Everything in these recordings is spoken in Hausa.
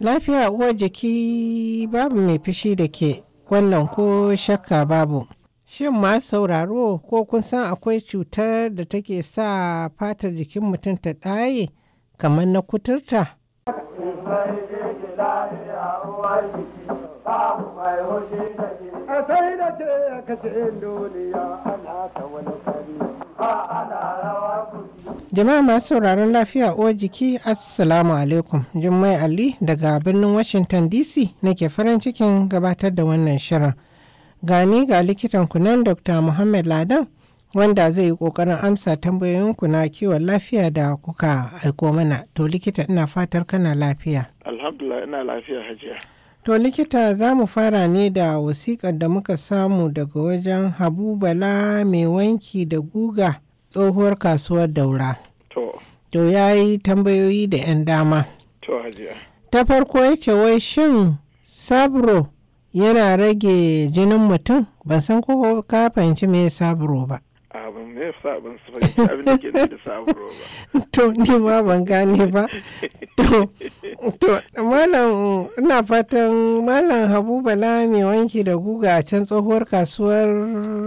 Lafiya uwar jiki babu mai fushi da ke wannan ko shakka babu. Shin ma sauraro ko kun san akwai cutar da take sa fatar jikin mutum ta ɗaye kamar na kuturta? Babu jama'a masu sauraron lafiya uwar jiki assalamu alaikum jummai ali daga birnin washington dc nake farin cikin gabatar da wannan shirin gani ga likitan kunan dr muhammad ladan wanda zai yi kokarin amsa tambayoyin ku na kiwon lafiya da kuka aiko mana to likita ina fatar kana lafiya alhamdulillah ina lafiya hajiya To likita za mu fara ne da wasiƙar da muka samu daga wajen Habu Bala mai wanki da guga tsohuwar kasuwar daura. To. To ya yi tambayoyi da 'yan dama. To Ta farko ya ce wai shin sabro yana rage jinin mutum ban san ko ka fahimci me sabro ba. har ban su fahimci abin da ke ba to ni ma ban gane ba to to malam ina fatan malam habu bala mai wanki da guga a can tsohuwar kasuwar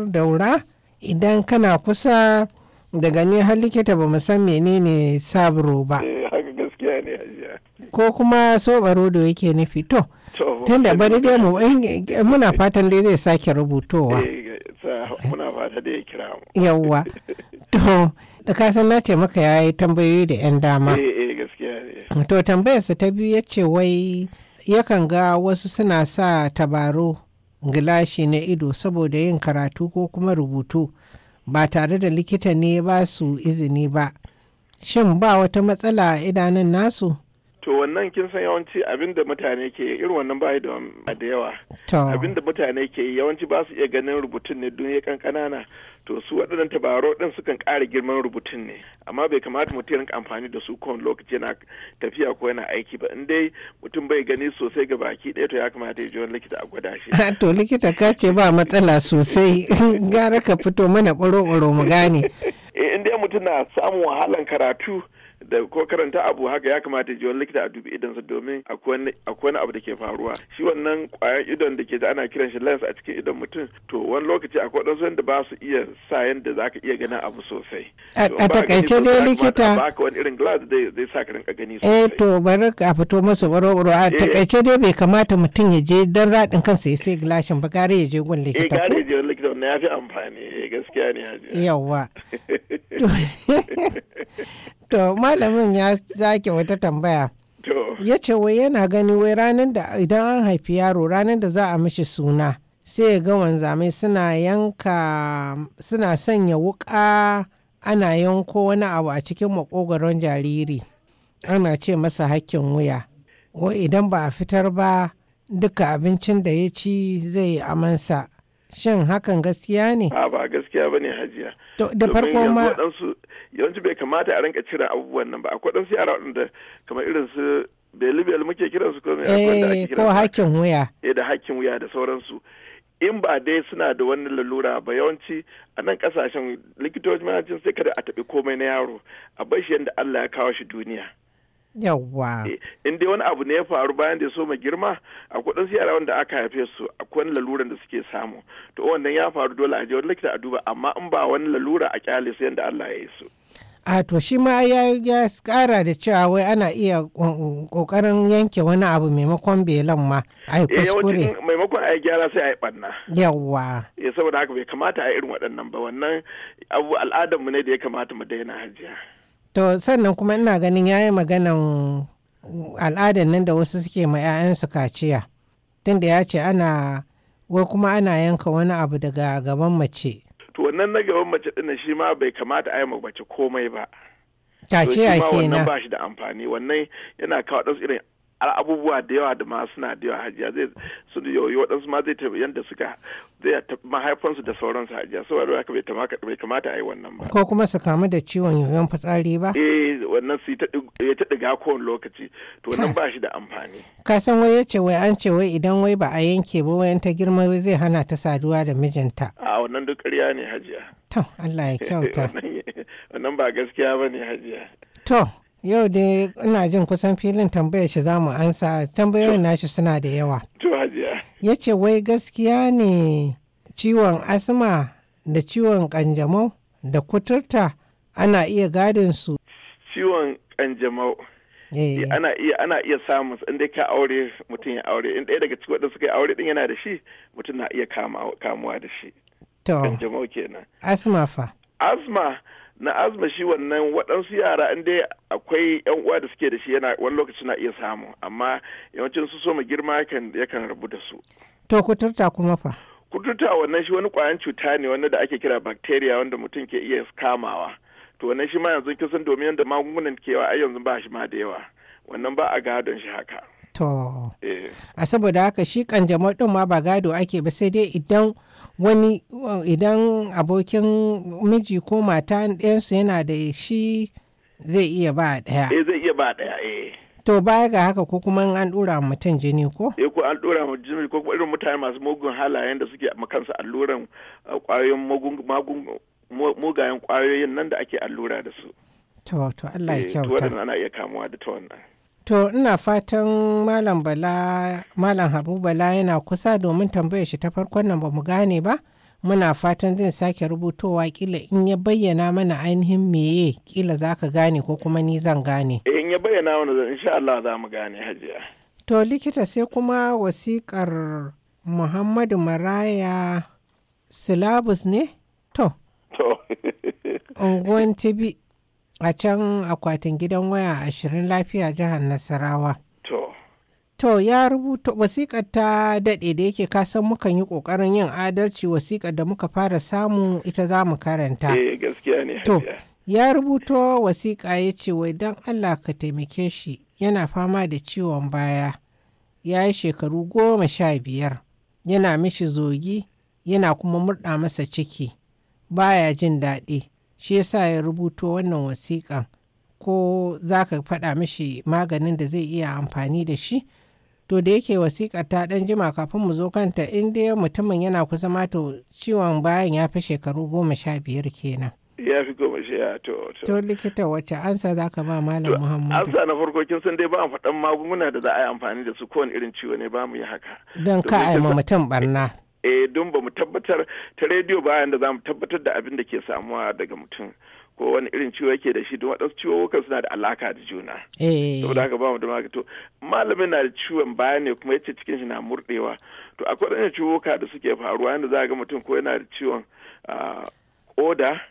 daura idan kana kusa daga ne har likita ba san menene saburo ba eh, haka gaskiya ne ko kuma sobaro da yake nufi to tunda bari dai muna fatan dai zai sake rubutowa eh, da da ya kira mu yawwa to da ka san na ce maka ya yi tambayoyi da yan dama eh eh gaskiya ne to tambayarsa ta biyu ce wai yakan ga wasu suna sa tabaro gilashi na ido saboda yin karatu ko kuma rubutu ba tare da likita ne ba su izini ba shin ba wata matsala idanun nasu to wannan kin san yawanci abin da mutane ke irin wannan bai da da yawa abin da mutane ke yawanci ba su iya ganin rubutun ne duniya kan kanana to su waɗannan tabaro ɗin sukan ƙara girman rubutun ne amma bai kamata mutum rinka amfani da su kowane lokaci yana tafiya ko yana aiki ba in dai mutum bai gani sosai ga baki ɗaya to ya kamata ya je wani likita a gwada shi to likita ka ce ba matsala sosai gara ka fito mana ɓaro-ɓaro mu gane eh, in dai mutum na samun wahalan karatu da ko karanta abu haka ya kamata ji wani likita a dubi idansa domin akwai wani abu da ke faruwa shi wannan kwayan idon da ke da ana kiran shi lens a cikin idon mutum to wani lokaci akwai wadansu da ba su iya sa yadda za ka iya ganin abu sosai a takaice dai likita ba ka wani irin glass da zai sa ka rinka gani eh, sosai eh to bari a fito masa baro a eh. takaice dai bai kamata mutum ya je dan radin kansa ya sai glashin ba gare ya je gun eh, likita ko eh gare ya je likita wannan ya fi amfani gaskiya ne yawa to malam malamin ya zaki wata tambaya ya ce wai yana gani wai ranar da idan an haifi yaro ranar da za a mishi suna sai ya ga wanzamai suna yanka suna sanya wuka ana yanko wani abu a cikin makogwaron jariri ana ce masa hakkin wuya wai idan ba a fitar ba duka abincin da ya ci zai yi amansa Shin hakan gaskiya ne? A ba gaskiya ba ne hajiya. Da farko ma. Yawanci bai kamata a rinka cire abubuwan nan ba. Akwai ɗansu yara waɗanda kamar irin su belibel muke kiran su ko me ake eh, ko hakkin wuya eh da hakkin wuya da sauransu in ba dai suna da wani lalura ba yawanci a nan kasashen likitoci manajin sai kada a taɓi komai na yaro a bar shi yadda Allah ya kawo shi duniya Yawwa. Eh, in dai wani abu ne ya faru bayan da ya so ma girma, a ɗansu yara wanda aka haife su akwai wani laluran da suke samu. To wannan ya faru dole a je wani likita a duba amma in ba wani lalura a kyale sai yadda Allah ya yi su. A to shi ma ya kara da cewa wai ana iya kokarin yanke wani abu maimakon belan ma a yi eh, kuskure. Maimakon a yi gyara sai a yi ɓanna. Yawwa. Ya eh, saboda haka bai kamata a irin waɗannan ba wannan abu al'adarmu ne da ya kamata mu daina hajiya. to sannan kuma ina ganin yayi maganan al'adar nan da wasu suke ma 'ya'yansu kaciya tunda ya ce ana wai kuma ana yanka wani abu daga gaban mace to wannan na gaban mace din shi ma bai kamata a yi mace komai ba kaciya kenan wannan ba shi da amfani wannan yana kawo ɗansu irin abubuwa da yawa da ma suna da yawa hajiya zai su yoyi waɗansu ma zai tafi yadda suka zai mahaifansu da sauransu hajiya saboda haka bai kamata a yi wannan ba. Ko kuma su kamu da ciwon yoyon fitsari ba? Eh wannan su ya ta ɗiga kowan lokaci to wannan ba shi da amfani. Ka san wai yace wai an ce wai idan wai ba a yanke ba wayan ta girma zai hana ta saduwa da mijinta. A wannan duk ƙarya ne hajiya. To Allah ya kyauta. Wannan ba gaskiya ba ne hajiya. To Yau dai ina jin kusan filin tambayar shi za mu ansa tambayoyin nashi suna da yawa. Ya ce wai gaskiya ne ciwon asma da ciwon kanjamau da kuturta ana iya gadin su. Ciwon kanjamau. Eh. Eh, ana iya ana iya samun in dai ka aure mutum ya aure in ɗaya daga cikin waɗanda suka yi aure din yana da shi mutum na iya kamuwa da shi. To. Kanjamau kenan. Asma fa. Asma na azma shi wannan waɗansu yara in dai akwai yan uwa da suke da shi yana wani lokaci na iya samu amma yawancin su soma girma yakan rabu da su to kuturta kuma fa kuturta wannan shi wani ƙwayan cuta ne wanda da ake kira bacteria wanda mutum ke iya kamawa to wannan shi ma yanzu kisan domin yadda magungunan kewa ai yanzu ba shi ma da yawa wannan ba a gadon shi haka To. Eh. A saboda haka shi kanjamar ɗin ma ba gado ake ba sai dai idan wani idan abokin miji ko mata ɗayansu yana da shi zai iya ba ɗaya. Eh zai iya ba ɗaya eh. To baya ga haka ko kuma an dora mutum jini ko? Eh ko an dora mutum jini ko kuma irin mutane masu mugun halayen da suke makansa alluran kwayoyin uh, mugayen kwayoyin nan da ake allura da su. To to Allah ya eh, kyauta. To ana iya kamuwa da ta wannan. To ina fatan Malam Bala Malam Habu Bala yana kusa domin tambayar shi ta farkon nan ba mu gane ba. Muna fatan zai sake rubutowa kila in ya bayyana mana ainihin meye kila za ka gane ko kuma ni zan gane. Eh, in ya bayyana wani zan insha Allah za mu gane hajiya. To likita sai kuma wasiƙar Muhammadu Maraya Silabus ne? To. To. Unguwan a can akwatin gidan waya ashirin lafiya jihar nasarawa to ya rubuta wasiƙar ta daɗe da yake kasan mukan yi ƙoƙarin yin adalci wasiƙar da muka fara samu ita za mu karanta eh, to ya rubuto wasiƙa ya ce wai don allah ka taimake shi yana fama da ciwon baya ya yi shekaru goma sha biyar yana mishi zogi yana kuma murɗa masa ciki baya jin daɗi shi yasa ya rubuto wannan wasiƙan ko za ka faɗa mishi maganin da zai iya amfani da shi to da yake wasiƙa ta ɗan jima kafin mu zo kanta in dai mutumin yana kusa ma to ciwon bayan ya fi shekaru goma sha biyar kenan ya fi goma sha to to likita wacce ansa za ka ba malam muhammadu ansa na farko kin san dai ba a faɗan magunguna da za a yi amfani da su kowane irin ciwo ne ba mu yi haka don ka a mutum barna eh don ba mu tabbatar ta rediyo bayan da za mu tabbatar da abin da ke samuwa daga mutum ko wani irin ciwo yake da shi don waɗansu ciwowukan suna da alaka da juna. Eh. saboda haka ba mu da magato malamin na da ciwon baya ne kuma yace cikin shi na murɗewa to akwai waɗannan ciwowuka da suke faruwa yadda za ga mutum ko yana da ciwon koda ah,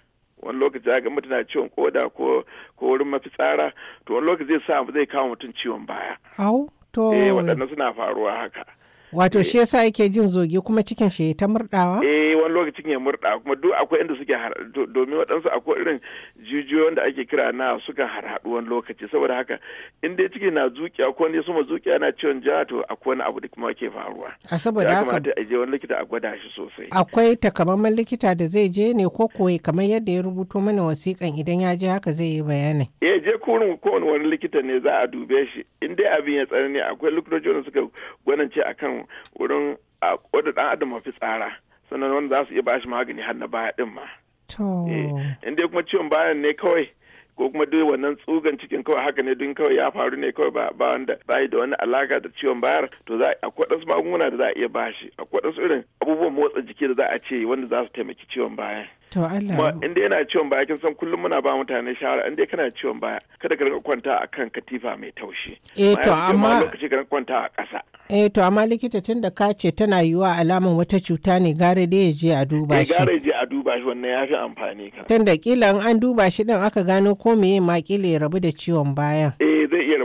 wani lokaci za ga mutum na ciwon koda ko wurin mafitsara to wani lokaci zai sa zai kawo mutum ciwon baya. Au to. Eh waɗannan suna faruwa haka. wato eh. shi yasa yake jin zoge kuma cikin shi ta murdawa eh wani lokacin ya murda kuma duk akwai inda suke domin waɗansu akwai irin jijiyoyi da ake kira na har harhaɗu wani lokaci saboda haka in dai ciki na zuƙiya ko ne suma zuƙiya na ciwon ja to akwai wani abu da kuma ke faruwa a saboda haka kamata a je wani likita a gwada shi sosai akwai takamaiman likita da zai je ne ko koyi kamar yadda ya rubuto mana wasiƙan idan ya je haka zai yi bayani eh je kurin kowane wani likita ne za a dube shi in dai abin ya tsanani akwai likitoci wanda suka gwanance akan wurin a wadda dan adam mafi tsara sannan wanda za su iya bashi magani har na baya din ma eh, in dai kuma ciwon bayan ne kawai ko kuma duk wannan tsugan cikin kawai haka ne dun kawai ya faru ne kawai ba ba wanda bai da wani alaka da ciwon bayar to za a kwadansu magunguna da za a iya bashi a kwadansu irin abubuwan motsa jiki da za a ce wanda za su taimaki ciwon bayan To Allah. inda yana ciwon baya kin san kullum muna ba mutane shawara inda kana ciwon baya kada ka kwanta a kan katifa mai taushi. Eh to amma lokaci ka kwanta a ƙasa. Eh to amma likita tun da ka ce tana yiwa alaman wata cuta ne gare da ya je a duba eh, shi. gare je a duba shi wannan ya fi amfani ka. Tun da kila an duba shi din aka gano ko meye ma kila ya rabu da ciwon bayan. Eh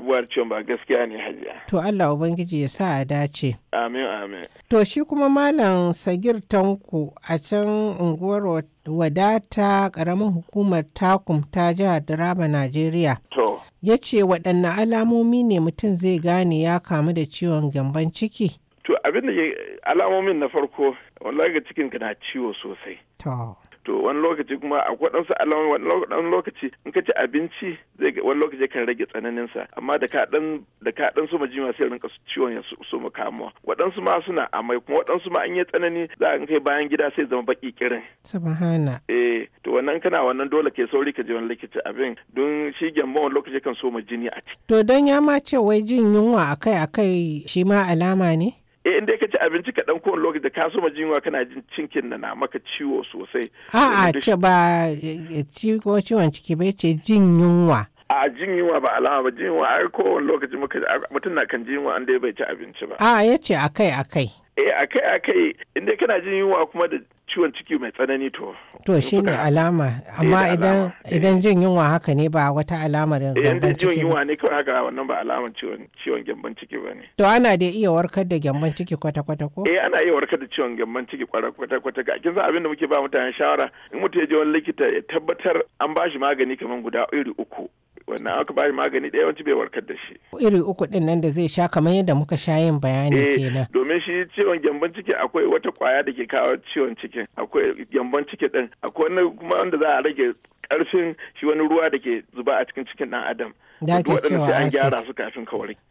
abubuwar cewa ba gaskiya ne hajiya. To Allah Ubangiji ya sa a dace. Amin amin. To shi kuma Malam Sagir Tanku a can unguwar wadata ƙaramin hukumar takum ta jihar Daraba Najeriya. To. Ya ce waɗanne alamomi ne mutum zai gane ya kamu da ciwon gyamban ciki? To abin da alamomin na farko wallahi ga cikin na ciwo sosai. To. to wani lokaci kuma a waɗansu alamomi wani lokaci in ka ci abinci zai wani lokaci kan rage tsananin sa amma da ka dan da ka dan soma jima sai rinka ciwon ya mu kamuwa waɗansu ma suna amai kuma waɗansu ma an yi tsanani za ka kai bayan gida sai zama baki kirin subhana eh to wannan kana wannan dole ke sauri ka je wani likita abin don shi gyamba wani lokaci kan soma jini a ciki to dan ya ma ce wai jin yunwa akai-akai shi ma alama ne eh inda ka ci abinci ka dan kowane lokaci da ka so jin kana jin cinkin na na maka ciwo sosai a'a ce ba eh, ciwo ciwon ciki bai ce jin yunwa a jin yunwa ba alama ba jin yunwa ai kowane lokaci mutum na kan jin yunwa an dai bai ci abinci ba a ya ce akai akai eh akai akai inda kana jin yunwa kuma da ciwon ciki mai tsanani to. To shi ne alama, eh, amma eh. idan jin yunwa haka ne ba wata alamar eh, gyamban ciki ba. Idan jin yunwa ne kawai haka wannan ba alamar ciwon gyamban ciki ba ne. To ana da iya warkar da gyamban ciki kwata-kwata ko? Eh ana iya warkar da ciwon gyamban ciki kwata-kwata ga kin san abin da muke ba mutane shawara in mutum ya je wani likita ya tabbatar an ba shi magani kamar guda iri uku wannan aka bayar magani ɗaya wanci bai warkar da shi iri uku ɗin nan da zai sha kamar yadda muka sha yin bayani eh, kenan domin shi ciwon gyambon ciki akwai wata kwaya da ke kawo ciwon cikin akwai gyambon ciki ɗin. akwai wani kuma wanda za a rage karfin shi wani ruwa da ke zuba a cikin cikin dan adam da ke cewa an gyara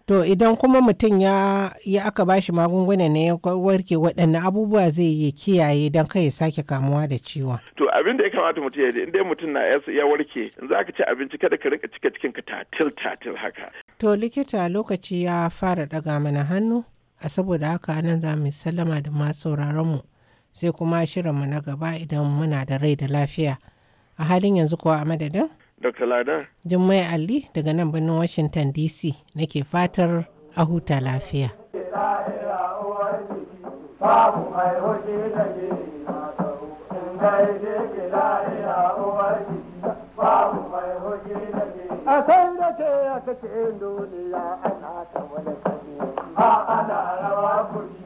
to idan kuma mutum ya ya aka bashi magunguna ne ya warke waɗanne abubuwa zai yi kiyaye don kai ya sake kamuwa da ciwon to abin da ya kamata mutum ya in dai mutum na ya warke za ka ci abinci kada ka rika cika cikin ka tatil tatil haka to likita lokaci ya fara daga mana hannu a saboda haka nan za mu sallama da masu sauraron mu sai kuma shirinmu na gaba idan muna da rai da lafiya a halin yanzu kuwa a madadin dr lada jummai ali daga nan birnin washington dc nake fatar a huta lafiya babu a ana rawa kuri